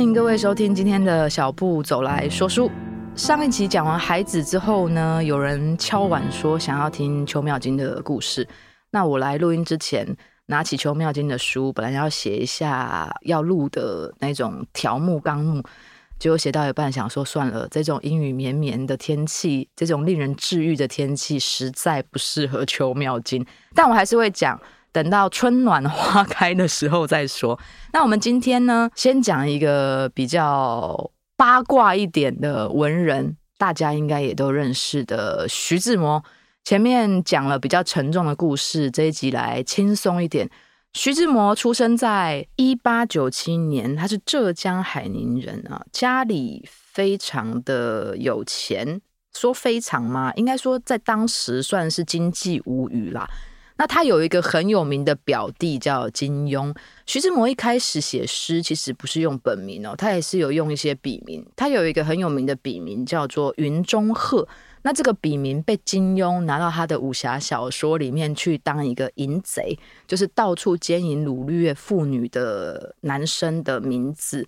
歡迎各位收聽今天的小步走來說書。上一期講完孩子之後呢，有人敲碗說想要聽邱妙津的故事。那我來錄音之前，拿起邱妙津的書，本來想要寫一下要錄的那種條目綱目，結果寫到一半，想說算了，這種陰雨綿綿的天氣，這種令人治癒的天氣，實在不適合邱妙津，但我還是會講。等到春暖花開的時候再說。那我們今天呢，先講一個比較八卦一點的文人，大家應該也都認識的徐志摩。前面講了比較沉重的故事，這一集來輕鬆一點。徐志摩出生在一八九七年，他是浙江海寧人啊，家裡非常的有錢，說非常嗎？應該說在當時算是經濟無語啦。那他有一個很有名的表弟叫金庸。徐志摩一開始寫詩其實不是用本名哦，他也是有用一些筆名，他有一個很有名的筆名叫做雲中鶴。那這個筆名被金庸拿到他的武俠小說裡面去當一個淫賊，就是到處姦淫擄掠婦女的男生的名字。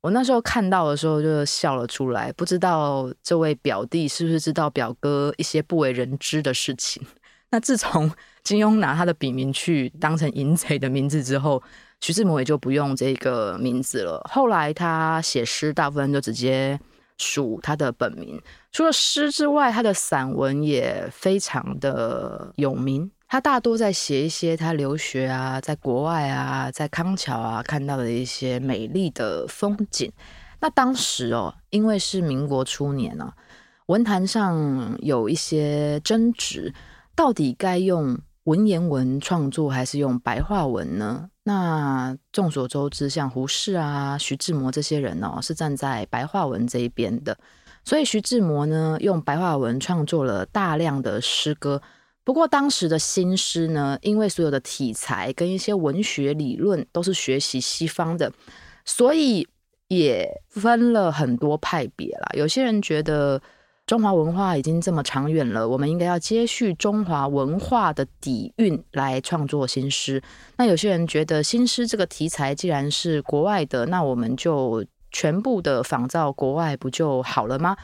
我那時候看到的時候就笑了出來，不知道這位表弟是不是知道表哥一些不為人知的事情。那自從金庸拿他的筆名去當成淫賊的名字之後，徐志摩也就不用這個名字了。後來他寫詩，大部分就直接署他的本名。除了詩之外，他的散文也非常的有名。他大多在寫一些他留學啊，在國外啊，在康橋啊看到的一些美麗的風景。那當時哦，因為是民國初年呢，啊，文壇上有一些爭執。到底該用文言文創作還是用白話文呢？那眾所周知，像胡適啊、徐志摩這些人哦，是站在白話文這一邊的。所以徐志摩呢，用白話文創作了大量的詩歌。不過當時的新詩呢，因為所有的題材跟一些文學理論都是學習西方的，所以也分了很多派別啦。有些人覺得。中華文化已經這麼長遠了，我們應該要接續中華文化的底蘊來創作新詩。那有些人覺得新詩這個題材既然是國外的，那我們就全部的仿造國外不就好了嗎？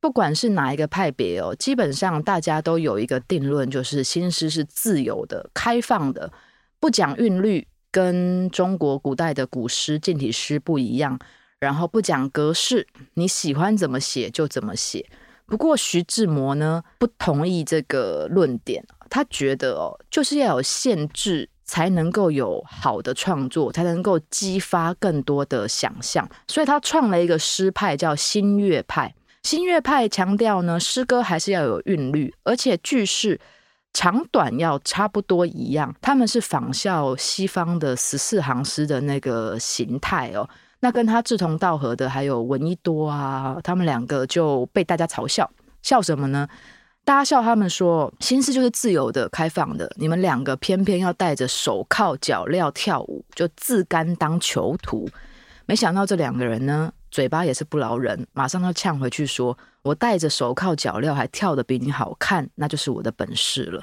不管是哪一個派別哦，基本上大家都有一個定論，就是新詩是自由的、開放的，不講韻律，跟中國古代的古詩、近體詩不一樣，然後不講格式，你喜歡怎麼寫就怎麼寫。不過徐志摩呢，不同意這個論點，他覺得哦，就是要有限制才能夠有好的創作，才能夠激發更多的想象。所以他創了一個詩派叫新月派。新月派強調呢，詩歌還是要有韻律，而且句式長短要差不多一樣。他們是仿效西方的十四行詩的那個形態哦。那跟他志同道合的還有聞一多啊，他們兩個就被大家嘲笑，笑什麼呢？大家笑他們說，新詩就是自由的、開放的，你們兩個偏偏要戴着手銬腳鐐跳舞，就自甘當囚徒。沒想到這兩個人呢，嘴巴也是不饒人，馬上要嗆回去說，我戴着手銬腳鐐還跳得比你好看，那就是我的本事了。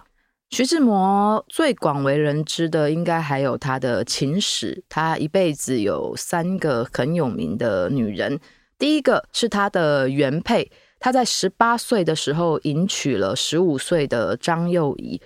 徐志摩最廣為人知的，應該還有他的情史。他一輩子有三個很有名的女人，第一個是他的原配。他在十八歲的時候迎娶了十五歲的張幼儀，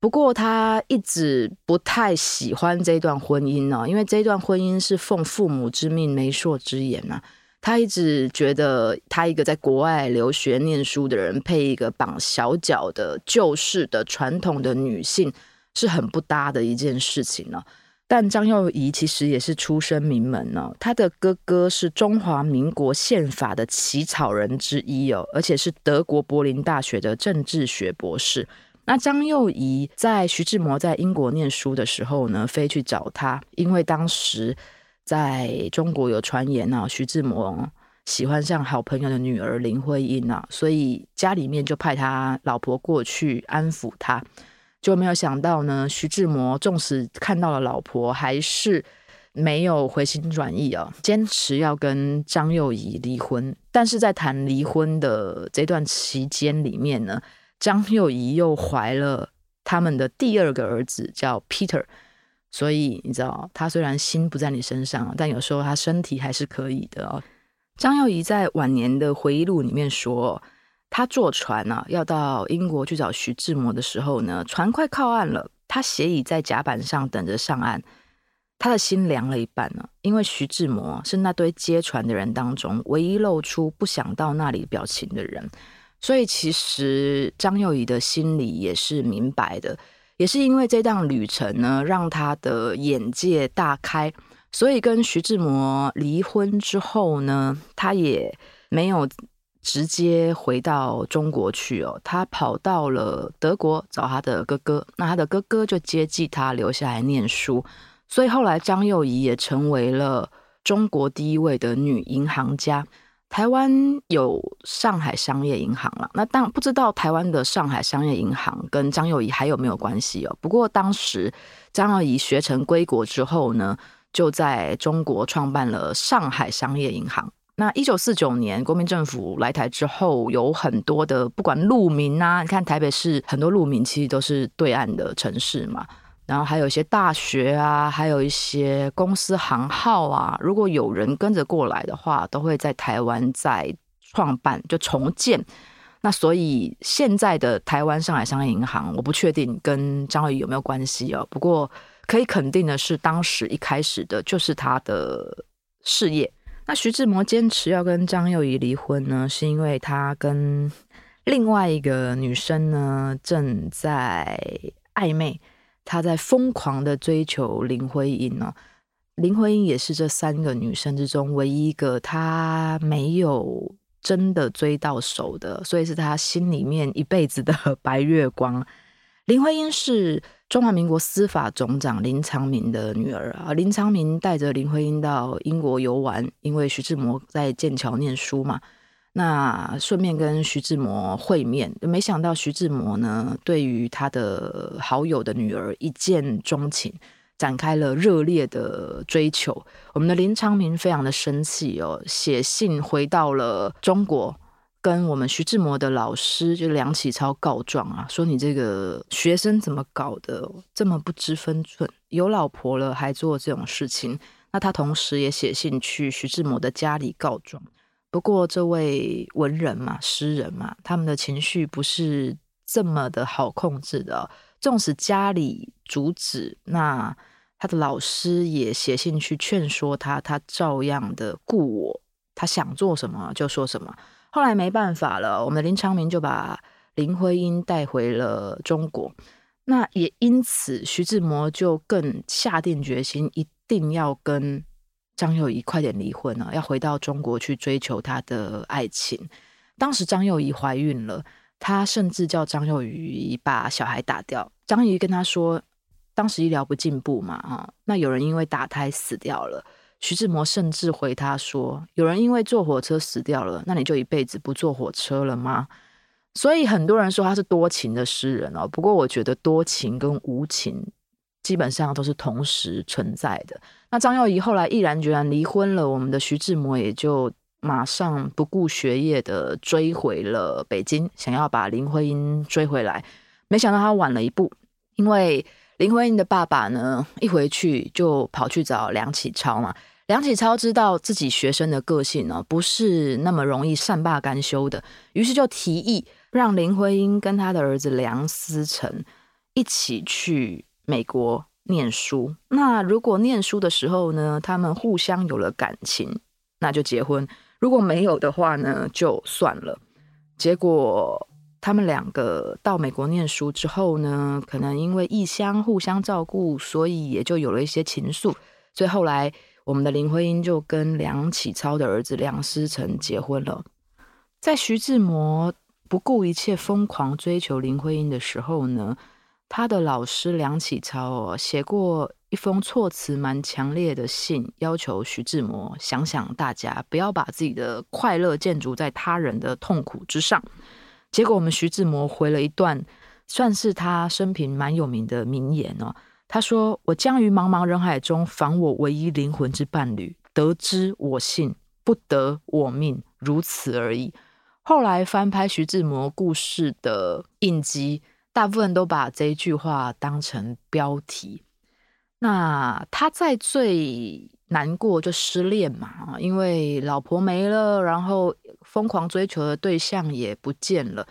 不過他一直不太喜歡這段婚姻呢、哦，因為這段婚姻是奉父母之命、媒妁之言啊他一直覺得，他一個在國外留學念書的人，配一個綁小腳的舊式的傳統的女性，是很不搭的一件事情呢、哦。但張幼儀其實也是出身名門呢、哦，她的哥哥是中華民國憲法的起草人之一哦，而且是德國柏林大學的政治學博士。那張幼儀在徐志摩在英國念書的時候呢，飛去找他，因為當時。在中國有傳言啊，徐志摩喜歡上好朋友的女兒林徽因啊，所以家裡面就派他老婆過去安撫他，就沒有想到呢，徐志摩縱使看到了老婆，還是沒有回心轉意啊，堅持要跟張幼儀離婚。但是在談離婚的這段期間裡面呢，張幼儀又懷了他們的第二個兒子，叫 Peter。所以你知道，他雖然心不在你身上，但有時候他身體還是可以的、哦。張幼儀在晚年的回憶錄裡面說，她坐船啊，要到英國去找徐志摩的時候呢，船快靠岸了，她斜倚在甲板上等着上岸，她的心涼了一半呢、啊，因為徐志摩是那堆接船的人當中唯一露出不想到那裡表情的人，所以其實張幼儀的心裡也是明白的。也是因為這趟旅程呢，讓他的眼界大開，所以跟徐志摩離婚之後呢，他也沒有直接回到中國去哦，他跑到了德國找他的哥哥，那他的哥哥就接濟他留下來念書，所以後來張幼儀也成為了中國第一位的女銀行家。台灣有上海商業銀行了啊，那但不知道台灣的上海商業銀行跟張幼儀還有沒有關係哦？不過當時張幼儀學成歸國之後呢，就在中國創辦了上海商業銀行。那一九四九年國民政府來台之後，有很多的不管路名啊，你看台北市很多路名其實都是對岸的城市嘛。然後還有一些大學啊，還有一些公司行號啊，如果有人跟着過來的話，都會在台灣再創辦，就重建。那所以現在的台灣上海商業銀行，我不確定跟張幼儀有沒有關係哦。不過可以肯定的是，當時一開始的就是他的事業。那徐志摩堅持要跟張幼儀離婚呢，是因為他跟另外一個女生呢正在曖昧。他在瘋狂的追求林徽因哦，林徽因也是這三個女生之中唯一一個他沒有真的追到手的，所以是他心裡面一輩子的白月光。林徽因是中華民國司法總長林長民的女兒啊，林長民帶着林徽因到英國遊玩，因為徐志摩在劍橋念書嘛。那順便跟徐志摩會面，沒想到徐志摩呢，對於他的好友的女兒一見鍾情，展開了熱烈的追求。我們的林長民非常的生氣哦，寫信回到了中國，跟我們徐志摩的老師就梁啟超告狀啊，說你這個學生怎麼搞的，這麼不知分寸，有老婆了還做這種事情。那他同時也寫信去徐志摩的家裡告狀。不過，這位文人嘛，詩人嘛，他們的情緒不是這麼的好控制的哦。縱使家裡阻止，那他的老師也寫信去勸說他，他照樣的故我，他想做什麼就說什麼。後來沒辦法了，我們林長民就把林徽因帶回了中國。那也因此，徐志摩就更下定決心，一定要跟。張幼儀快點離婚了，要回到中國去追求她的愛情。當時張幼儀懷孕了，他甚至叫張幼儀把小孩打掉。張幼儀跟他說：“當時醫療不進步嘛，啊，那有人因為打胎死掉了。”徐志摩甚至回他說：“有人因為坐火車死掉了，那你就一輩子不坐火車了嗎？”所以很多人說他是多情的詩人哦。不過我覺得多情跟無情。基本上都是同時存在的。那張幼儀後來毅然決然離婚了，我們的徐志摩也就馬上不顧學業的追回了北京，想要把林徽因追回來。沒想到他晚了一步，因為林徽因的爸爸呢一回去就跑去找梁啟超嘛。梁啟超知道自己學生的個性呢，不是那麼容易善罷甘休的，於是就提議讓林徽因跟他的兒子梁思成一起去美國念書，那如果念書的時候呢，他們互相有了感情，那就結婚；如果沒有的話呢，就算了。結果他們兩個到美國念書之後呢，可能因為異鄉互相照顧，所以也就有了一些情愫。所以後來，我們的林徽因就跟梁啟超的兒子梁思成結婚了。在徐志摩不顧一切瘋狂追求林徽因的時候呢，他的老師梁啟超哦，寫過一封措辭蠻強烈的信，要求徐志摩想想大家，不要把自己的快樂建築在他人的痛苦之上。結果我們徐志摩回了一段，算是他生平蠻有名的名言哦。他說：“我將於茫茫人海中訪我唯一靈魂之伴侶，得之我幸，不得我命，如此而已。”後來翻拍徐志摩故事的《印記大部分都把這一句話當成標題。那他在最難過，就失戀嘛，因為老婆沒了，然後瘋狂追求的對象也不見了。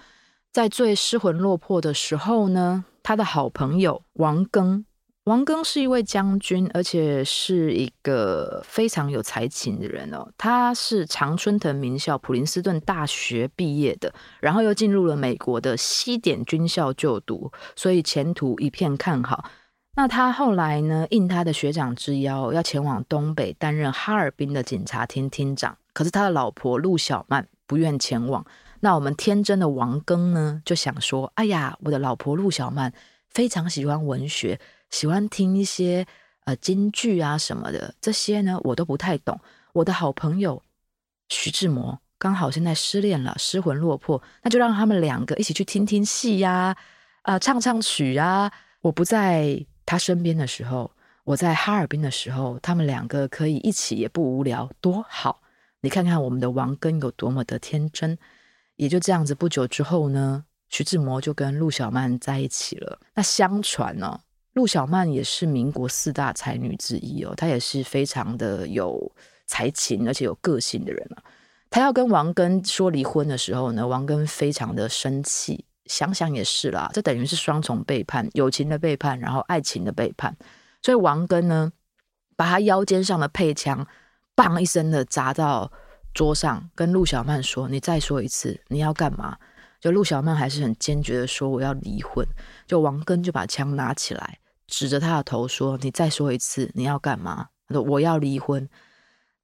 在最失魂落魄的時候呢，他的好朋友王庚。王庚是一位將軍，而且是一個非常有才情的人哦。他是常春藤名校普林斯頓大學畢業的，然後又進入了美國的西點軍校就讀，所以前途一片看好。那他後來呢，應他的學長之邀，要前往東北擔任哈爾濱的警察廳廳長，可是他的老婆陸小曼不願前往。那我們天真的王庚呢，就想說：“哎呀，我的老婆陸小曼非常喜歡文學。”喜歡聽一些呃京劇啊什麼的，這些呢我都不太懂。我的好朋友徐志摩剛好現在失戀了，失魂落魄，那就讓他們兩個一起去聽聽戲呀、啊，啊、呃、唱唱曲啊。我不在他身邊的時候，我在哈爾濱的時候，他們兩個可以一起也不無聊，多好。你看看我們的王賡有多麼的天真，也就這樣子。不久之後呢，徐志摩就跟陸小曼在一起了。那相傳呢、哦？陸小曼也是民國四大才女之一哦，她也是非常的有才情，而且有個性的人啊。她要跟王根說離婚的時候呢，王根非常的生氣。想想也是啦，這等於是雙重背叛，友情的背叛，然後愛情的背叛。所以王根呢，把他腰間上的配槍，砰一聲的砸到桌上，跟陸小曼說：“你再說一次，你要幹嘛？”就陸小曼還是很堅決的說：“我要離婚。”就王根就把槍拿起來。指着他的頭說：“你再說一次，你要幹嘛？”他說：“我要離婚。”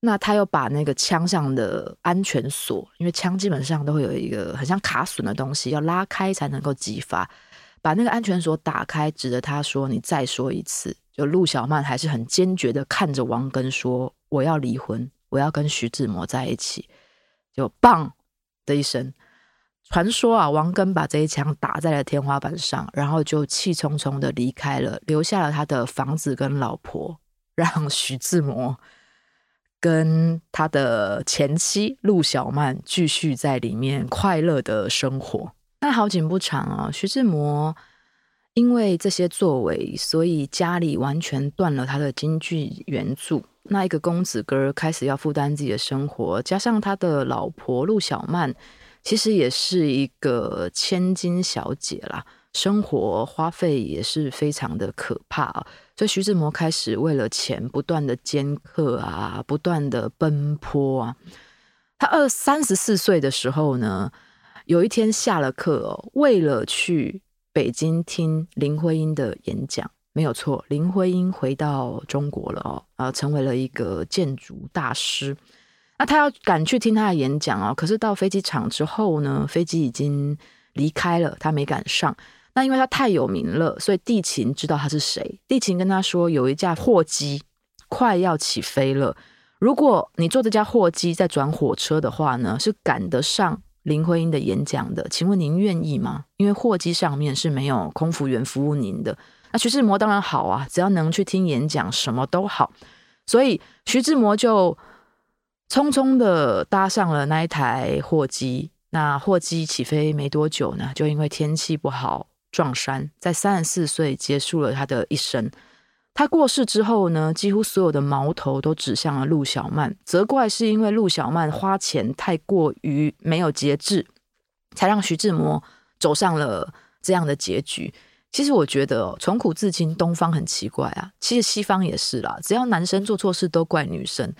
那他又把那個槍上的安全鎖，因為槍基本上都會有一個很像卡榫的東西，要拉開才能夠激發，把那個安全鎖打開，指着他說：“你再說一次。”就陸小曼還是很堅決的看着王賡說：“我要離婚，我要跟徐志摩在一起。”就“砰”的一聲。傳說啊，王賡把這一槍打在了天花板上，然後就氣冲冲的離開了，留下了他的房子跟老婆，讓徐志摩跟他的前妻陸小曼繼續在裡面快樂的生活。那好景不長啊、哦，徐志摩因為這些作為，所以家裡完全斷了他的經濟援助。那一個公子哥開始要負擔自己的生活，加上他的老婆陸小曼。其實也是一個千金小姐啦，生活花費也是非常的可怕啊。所以徐志摩開始為了錢不斷的兼課啊，不斷的奔波啊。他二三十四歲的時候呢，有一天下了課哦，為了去北京聽林徽因的演講，沒有錯，林徽因回到中國了哦，啊，呃，成為了一個建築大師。他要趕去聽他的演講哦，可是到飛機場之後呢，飛機已經離開了，他沒趕上。那因為他太有名了，所以地勤知道他是誰。地勤跟他說，有一架貨機快要起飛了，如果你坐這架貨機再轉火車的話呢，是趕得上林徽因的演講的。請問您願意嗎？因為貨機上面是沒有空服員服務您的。那徐志摩當然好啊，只要能去聽演講，什麼都好。所以徐志摩就。匆匆的搭上了那一台貨機，那貨機起飛沒多久呢，就因為天氣不好撞山，在三十四歲結束了他的一生。他過世之後呢，幾乎所有的矛頭都指向了陸小曼，責怪是因為陸小曼花錢太過於沒有節制，才讓徐志摩走上了這樣的結局。其實我覺得、哦，從古至今，東方很奇怪啊，其實西方也是啦，只要男生做錯事都怪女生。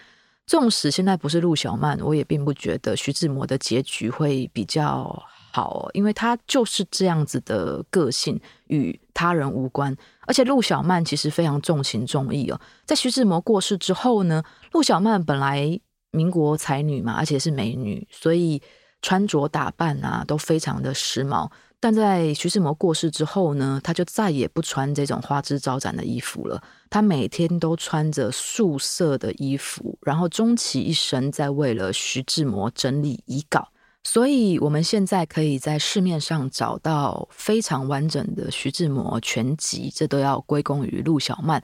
縱使現在不是陸小曼，我也並不覺得徐志摩的結局會比較好，因為他就是這樣子的個性，與他人無關。而且陸小曼其實非常重情重義哦。在徐志摩過世之後呢，陸小曼本來民國才女嘛，而且是美女，所以穿着打扮啊，都非常的時髦。但在徐志摩過世之後呢，他就再也不穿這種花枝招展的衣服了。他每天都穿着素色的衣服，然後終其一生在為了徐志摩整理遺稿。所以，我們現在可以在市面上找到非常完整的《徐志摩全集》，這都要歸功於陸小曼。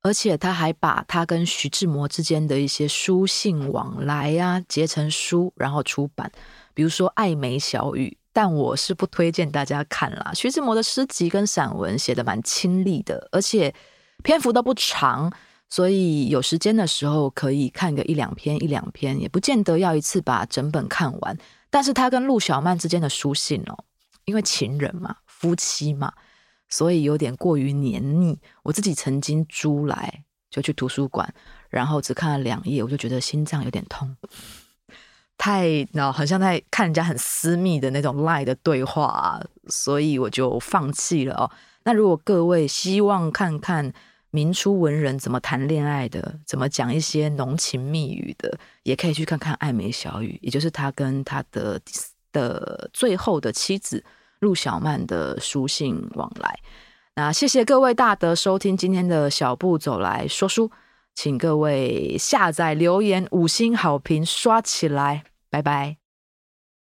而且，他還把他跟徐志摩之間的一些書信往來啊，結成書然後出版，比如說《愛眉小雨》。但我是不推薦大家看啦。徐志摩的詩集跟散文寫得蠻清麗的，而且篇幅都不長，所以有時間的時候可以看個一兩篇，一兩篇也不見得要一次把整本看完。但是他跟陸小曼之間的書信哦，因為情人嘛，夫妻嘛，所以有點過於黏膩。我自己曾經租來就去圖書館，然後只看了兩頁，我就覺得心臟有點痛。太，那很像在看人家很私密的那種 LINE 的對話啊，所以我就放棄了哦。那如果各位希望看看民初文人怎麼談戀愛的，怎麼講一些濃情蜜語的，也可以去看看《愛眉小札》，也就是他跟他的的最後的妻子陸小曼的書信往來。那謝謝各位大德收聽今天的小步走來說書，請各位下載、留言、五星好評刷起來。拜拜。